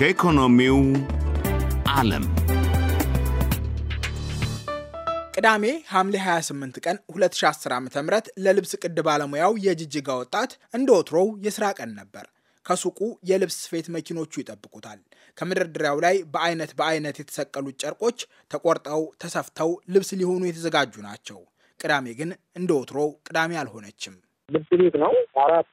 ከኢኮኖሚው ዓለም ቅዳሜ ሐምሌ 28 ቀን 2010 ዓ ም ለልብስ ቅድ ባለሙያው የጅጅጋ ወጣት እንደ ወትሮው የሥራ ቀን ነበር። ከሱቁ የልብስ ስፌት መኪኖቹ ይጠብቁታል። ከመደርደሪያው ላይ በአይነት በአይነት የተሰቀሉት ጨርቆች ተቆርጠው ተሰፍተው ልብስ ሊሆኑ የተዘጋጁ ናቸው። ቅዳሜ ግን እንደ ወትሮው ቅዳሜ አልሆነችም። ልብ ቤት ነው። አራት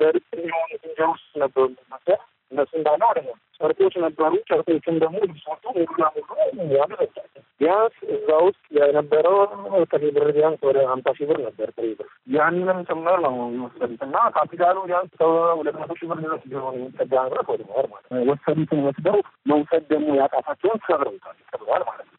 በርቅሚሆን ዝንጀሮች ነበሩ መሰለህ። እነሱ እንዳለ አለ ጨርቆች ነበሩ። ጨርቆቹም ደግሞ ልብሶቹ ሙሉላ ሙሉ ያለ ቢያንስ እዛ ውስጥ የነበረው ጥሬ ብር ቢያንስ ወደ ሀምሳ ሺህ ብር ነበር ጥሬ ብር። ያንንም ጭምር ነው የወሰዱት እና ካፒታሉ ቢያንስ ከሁለት መቶ ሺህ ብር ድረስ ቢሆን የሚጠጋ ንብረት ወድመዋል ማለት ነው። ወሰዱትን ወስደው መውሰድ ደግሞ ያቃታቸውን ሰብረውታል፣ ሰብረዋል ማለት ነው።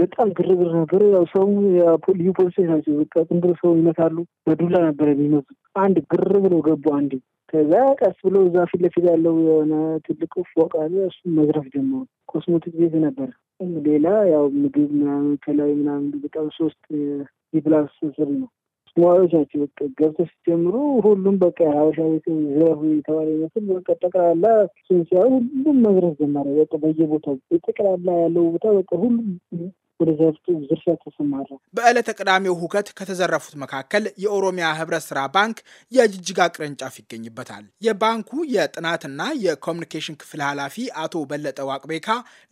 በጣም ግርግር ነበረ። ያው ሰው ልዩ ፖሊሶች ናቸው። በቃ ብሎ ሰው ይመታሉ። በዱላ ነበረ የሚመቱ። አንድ ግር ብሎ ገቡ። አንዴ ከዛ ቀስ ብሎ እዛ ፊት ለፊት ያለው የሆነ ትልቅ ፎቅ አለ። እሱ መዝረፍ ጀመሩ። ኮስሞቲክ ቤት ነበር። ሌላ ያው ምግብ ምናምን ከላይ ምናምን በጣም ሶስት የፕላስ ስር ነው ነዋሪዎች ናቸው። በቃ ገብተ ሲጀምሩ ሁሉም በቃ ሀበሻ ቤት ዘረፉ የተባለ ይመስል በቃ ጠቅላላ ሲያዩ ሁሉም መዝረፍ ጀመረ። በቃ በየቦታው ጠቅላላ ያለው ቦታ በቃ ሁሉም ወደ ዝርፊያ ተሰማራ። በዕለተ ቅዳሜው ሁከት ከተዘረፉት መካከል የኦሮሚያ ህብረት ስራ ባንክ የጅጅጋ ቅርንጫፍ ይገኝበታል። የባንኩ የጥናትና የኮሚኒኬሽን ክፍል ኃላፊ አቶ በለጠ ዋቅቤካ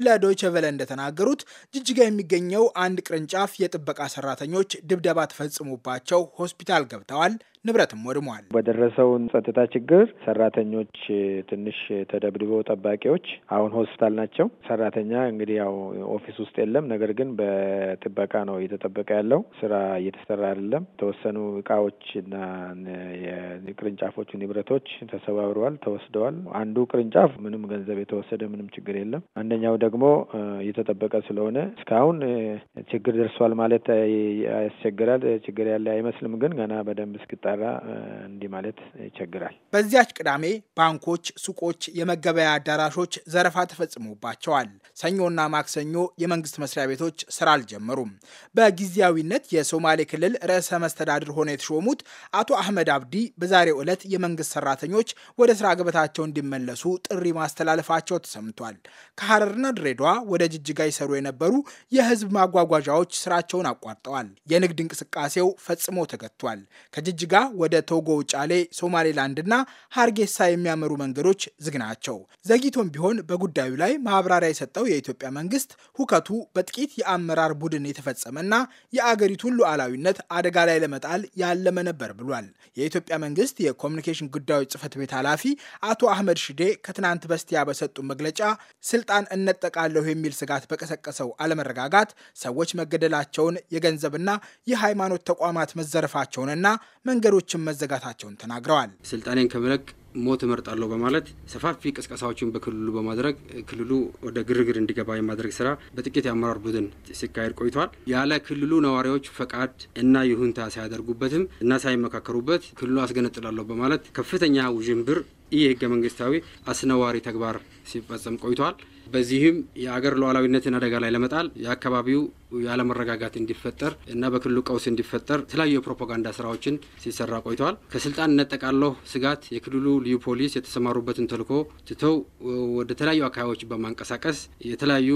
ለዶይቸ ቨለ እንደተናገሩት ጅጅጋ የሚገኘው አንድ ቅርንጫፍ የጥበቃ ሰራተኞች ድብደባ ተፈጽሞባቸው ሆስፒታል ገብተዋል ንብረትም ወድሟል። በደረሰውን ጸጥታ ችግር ሰራተኞች ትንሽ ተደብድበው ጠባቂዎች አሁን ሆስፒታል ናቸው። ሰራተኛ እንግዲህ ያው ኦፊስ ውስጥ የለም፣ ነገር ግን በጥበቃ ነው እየተጠበቀ ያለው። ስራ እየተሰራ አይደለም። የተወሰኑ እቃዎች እና የቅርንጫፎቹ ንብረቶች ተሰባብረዋል፣ ተወስደዋል። አንዱ ቅርንጫፍ ምንም ገንዘብ የተወሰደ ምንም ችግር የለም። አንደኛው ደግሞ እየተጠበቀ ስለሆነ እስካሁን ችግር ደርሷል ማለት ያስቸግራል። ችግር ያለ አይመስልም፣ ግን ገና በደንብ እስክጣ ጠንካራ እንዲህ ማለት ይቸግራል። በዚያች ቅዳሜ ባንኮች፣ ሱቆች፣ የመገበያ አዳራሾች ዘረፋ ተፈጽሞባቸዋል። ሰኞና ማክሰኞ የመንግስት መስሪያ ቤቶች ስራ አልጀመሩም። በጊዜያዊነት የሶማሌ ክልል ርዕሰ መስተዳድር ሆነው የተሾሙት አቶ አህመድ አብዲ በዛሬው ዕለት የመንግስት ሰራተኞች ወደ ስራ ገበታቸው እንዲመለሱ ጥሪ ማስተላለፋቸው ተሰምቷል። ከሐረርና ድሬዳዋ ወደ ጅጅጋ ይሰሩ የነበሩ የህዝብ ማጓጓዣዎች ስራቸውን አቋርጠዋል። የንግድ እንቅስቃሴው ፈጽሞ ተገቷል። ከጅጅጋ ወደ ቶጎ ጫሌ፣ ሶማሌላንድና ሀርጌሳ የሚያመሩ መንገዶች ዝግ ናቸው። ዘግይቶም ቢሆን በጉዳዩ ላይ ማብራሪያ የሰጠው የኢትዮጵያ መንግስት ሁከቱ በጥቂት የአመራር ቡድን የተፈጸመና የአገሪቱን ሉዓላዊነት አደጋ ላይ ለመጣል ያለመ ነበር ብሏል። የኢትዮጵያ መንግስት የኮሚኒኬሽን ጉዳዮች ጽህፈት ቤት ኃላፊ አቶ አህመድ ሽዴ ከትናንት በስቲያ በሰጡ መግለጫ ስልጣን እነጠቃለሁ የሚል ስጋት በቀሰቀሰው አለመረጋጋት ሰዎች መገደላቸውን፣ የገንዘብና የሃይማኖት ተቋማት መዘረፋቸውንና መንገዶ መንገዶችን መዘጋታቸውን ተናግረዋል። ስልጣኔን ከመለቅ ሞት እመርጣለሁ በማለት ሰፋፊ ቅስቀሳዎችን በክልሉ በማድረግ ክልሉ ወደ ግርግር እንዲገባ የማድረግ ስራ በጥቂት የአመራር ቡድን ሲካሄድ ቆይቷል። ያለ ክልሉ ነዋሪዎች ፈቃድ እና ይሁንታ ሳያደርጉበትም እና ሳይመካከሩበት ክልሉ አስገነጥላለሁ በማለት ከፍተኛ ውዥንብር ይህ ህገ መንግስታዊ አስነዋሪ ተግባር ሲፈጸም ቆይቷል። በዚህም የአገር ሉዓላዊነትን አደጋ ላይ ለመጣል የአካባቢው ያለመረጋጋት እንዲፈጠር እና በክልሉ ቀውስ እንዲፈጠር የተለያዩ የፕሮፓጋንዳ ስራዎችን ሲሰራ ቆይተዋል። ከስልጣን እነጠቃለሁ ስጋት የክልሉ ልዩ ፖሊስ የተሰማሩበትን ተልኮ ትተው ወደ ተለያዩ አካባቢዎች በማንቀሳቀስ የተለያዩ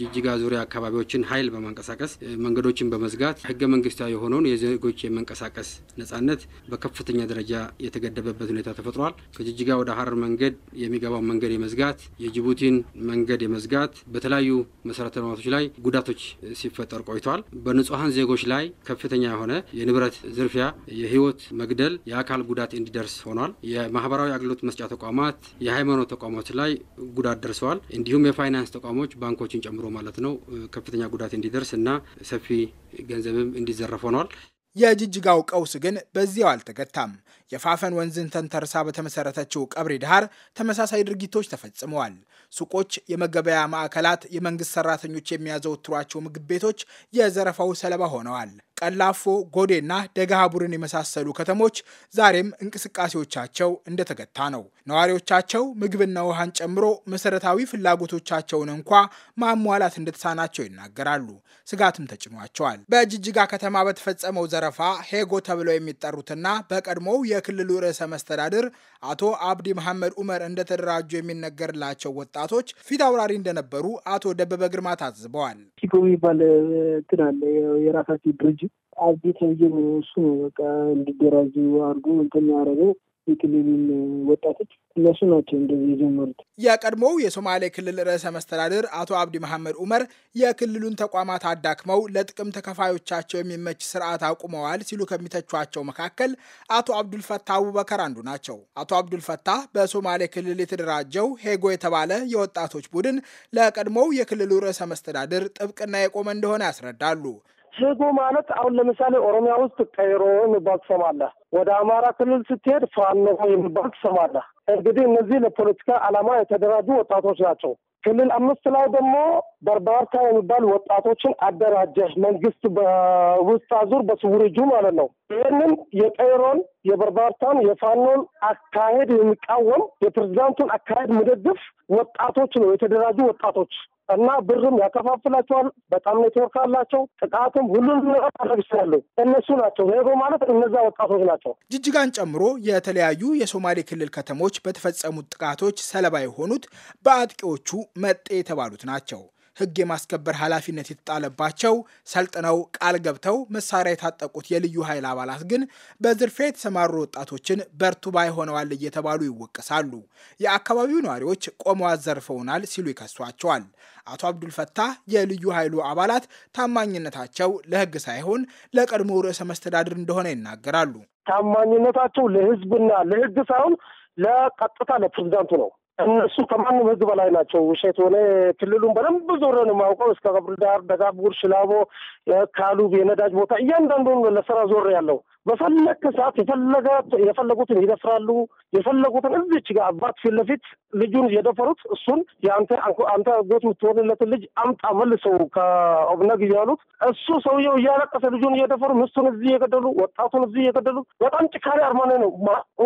ጅጅጋ ዙሪያ አካባቢዎችን ኃይል በማንቀሳቀስ መንገዶችን በመዝጋት ህገ መንግስታዊ የሆነውን የዜጎች የመንቀሳቀስ ነጻነት በከፍተኛ ደረጃ የተገደበበት ሁኔታ ተፈጥሯል። ከጅጅጋ ወደ ሀረር መንገድ የሚገባው መንገድ የመዝጋት የጅቡቲን መንገድ የመዝጋት በተለያዩ መሰረተ ልማቶች ላይ ጉዳቶች ሲፈጠር ቆይቷል። በንጹሐን ዜጎች ላይ ከፍተኛ የሆነ የንብረት ዝርፊያ፣ የህይወት መግደል፣ የአካል ጉዳት እንዲደርስ ሆኗል። የማህበራዊ አገልግሎት መስጫ ተቋማት፣ የሃይማኖት ተቋማት ላይ ጉዳት ደርሰዋል። እንዲሁም የፋይናንስ ተቋሞች ባንኮችን ጨምሮ ማለት ነው ከፍተኛ ጉዳት እንዲደርስ እና ሰፊ ገንዘብም እንዲዘረፍ ሆኗል። የጅጅጋው ቀውስ ግን በዚያው አልተገታም። የፋፈን ወንዝን ተንተርሳ በተመሰረተችው ቀብሪ ዳሃር ተመሳሳይ ድርጊቶች ተፈጽመዋል። ሱቆች፣ የመገበያ ማዕከላት፣ የመንግስት ሰራተኞች የሚያዘወትሯቸው ምግብ ቤቶች የዘረፋው ሰለባ ሆነዋል። ቀላፎ፣ ጎዴና ደገሃቡርን የመሳሰሉ ከተሞች ዛሬም እንቅስቃሴዎቻቸው እንደተገታ ነው። ነዋሪዎቻቸው ምግብና ውሃን ጨምሮ መሰረታዊ ፍላጎቶቻቸውን እንኳ ማሟላት እንደተሳናቸው ይናገራሉ። ስጋትም ተጭኗቸዋል። በጅጅጋ ከተማ በተፈጸመው ዘረፋ ሄጎ ተብለው የሚጠሩትና በቀድሞው የክልሉ ርዕሰ መስተዳድር አቶ አብዲ መሐመድ ኡመር እንደተደራጁ የሚነገርላቸው ወጣቶች ፊት አውራሪ እንደነበሩ አቶ ደበበ ግርማ ታዝበዋል። ኪኮ የሚባል እንትን አለ የራሳቸው ድርጅት አብዴት ረጅም እሱ በቃ እንዲደራጁ አድርጎ እንትን ያደረገው የክልሉን ወጣቶች እነሱ ናቸው እንደዚህ የጀመሩት። የቀድሞው የሶማሌ ክልል ርዕሰ መስተዳድር አቶ አብዲ መሐመድ ኡመር የክልሉን ተቋማት አዳክመው ለጥቅም ተከፋዮቻቸው የሚመች ስርዓት አቁመዋል ሲሉ ከሚተቿቸው መካከል አቶ አብዱልፈታ አቡበከር አንዱ ናቸው። አቶ አብዱልፈታ በሶማሌ ክልል የተደራጀው ሄጎ የተባለ የወጣቶች ቡድን ለቀድሞው የክልሉ ርዕሰ መስተዳድር ጥብቅና የቆመ እንደሆነ ያስረዳሉ። ሄጎ ማለት አሁን ለምሳሌ ኦሮሚያ ውስጥ ቀይሮ የሚባል ትሰማለህ። ወደ አማራ ክልል ስትሄድ ፋኖ የሚባል ትሰማለህ። እንግዲህ እነዚህ ለፖለቲካ ዓላማ የተደራጁ ወጣቶች ናቸው። ክልል አምስት ላይ ደግሞ በርባርታ የሚባል ወጣቶችን አደራጀ መንግስት በውስጥ አዙር በስውር እጁ ማለት ነው። ይህንን የቀይሮን የበርባርታን የፋኖን አካሄድ የሚቃወም የፕሬዚዳንቱን አካሄድ ምደግፍ ወጣቶች ነው የተደራጁ ወጣቶች እና ብርም ያከፋፍላቸዋል። በጣም ኔትወርክ አላቸው። ጥቃትም ሁሉንም ማድረግ ይችላሉ። እነሱ ናቸው ሄጎ ማለት እነዛ ወጣቶች ናቸው። ጅጅጋን ጨምሮ የተለያዩ የሶማሌ ክልል ከተሞች በተፈጸሙት ጥቃቶች ሰለባ የሆኑት በአጥቂዎቹ መጤ የተባሉት ናቸው። ሕግ የማስከበር ኃላፊነት የተጣለባቸው ሰልጥነው ቃል ገብተው መሳሪያ የታጠቁት የልዩ ኃይል አባላት ግን በዝርፊያ የተሰማሩ ወጣቶችን በርቱ ባይ ሆነዋል እየተባሉ ይወቀሳሉ። የአካባቢው ነዋሪዎች ቆመው አዘርፈውናል ሲሉ ይከሷቸዋል። አቶ ፈታ የልዩ ኃይሉ አባላት ታማኝነታቸው ለህግ ሳይሆን ለቀድሞ ርዕሰ መስተዳድር እንደሆነ ይናገራሉ። ታማኝነታቸው ለህዝብና ለህግ ሳይሆን ለቀጥታ ለፕሬዚዳንቱ ነው። እነሱ ከማንም ህግ በላይ ናቸው። ውሸት ሆነ ክልሉን በደንብ ዞረ ነው የማውቀው። እስከ ቀብሪ ዳር፣ ደጋቡር፣ ሽላቦ፣ ካሉብ የነዳጅ ቦታ እያንዳንዱን ለስራ ዞር ያለው በፈለክ ሰዓት የፈለጉትን ይደፍራሉ። የፈለጉትን እዚች ጋር አባት ፊት ለፊት ልጁን የደፈሩት እሱን የአንተ አንተ ጎት የምትሆንለትን ልጅ አምጣ መልሰው ከኦብነግ እያሉት እሱ ሰውየው እያለቀሰ ልጁን እየደፈሩ ምስቱን እዚህ እየገደሉ ወጣቱን እዚህ እየገደሉ በጣም ጭካኔ አርማኔ ነው።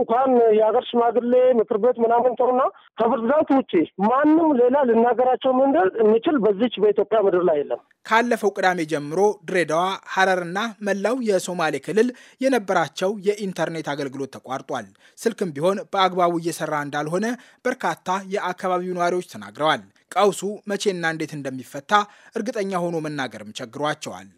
እንኳን የሀገር ሽማግሌ ምክር ቤት ምናምን ተውና ከፕሬዚዳንት ውጭ ማንም ሌላ ልናገራቸው ምንድል የሚችል በዚች በኢትዮጵያ ምድር ላይ የለም። ካለፈው ቅዳሜ ጀምሮ ድሬዳዋ፣ ሀረርና መላው የሶማሌ ክልል የነበራቸው የኢንተርኔት አገልግሎት ተቋርጧል። ስልክም ቢሆን በአግባቡ እየሰራ እንዳልሆነ በርካታ የአካባቢው ነዋሪዎች ተናግረዋል። ቀውሱ መቼና እንዴት እንደሚፈታ እርግጠኛ ሆኖ መናገርም ቸግሯቸዋል።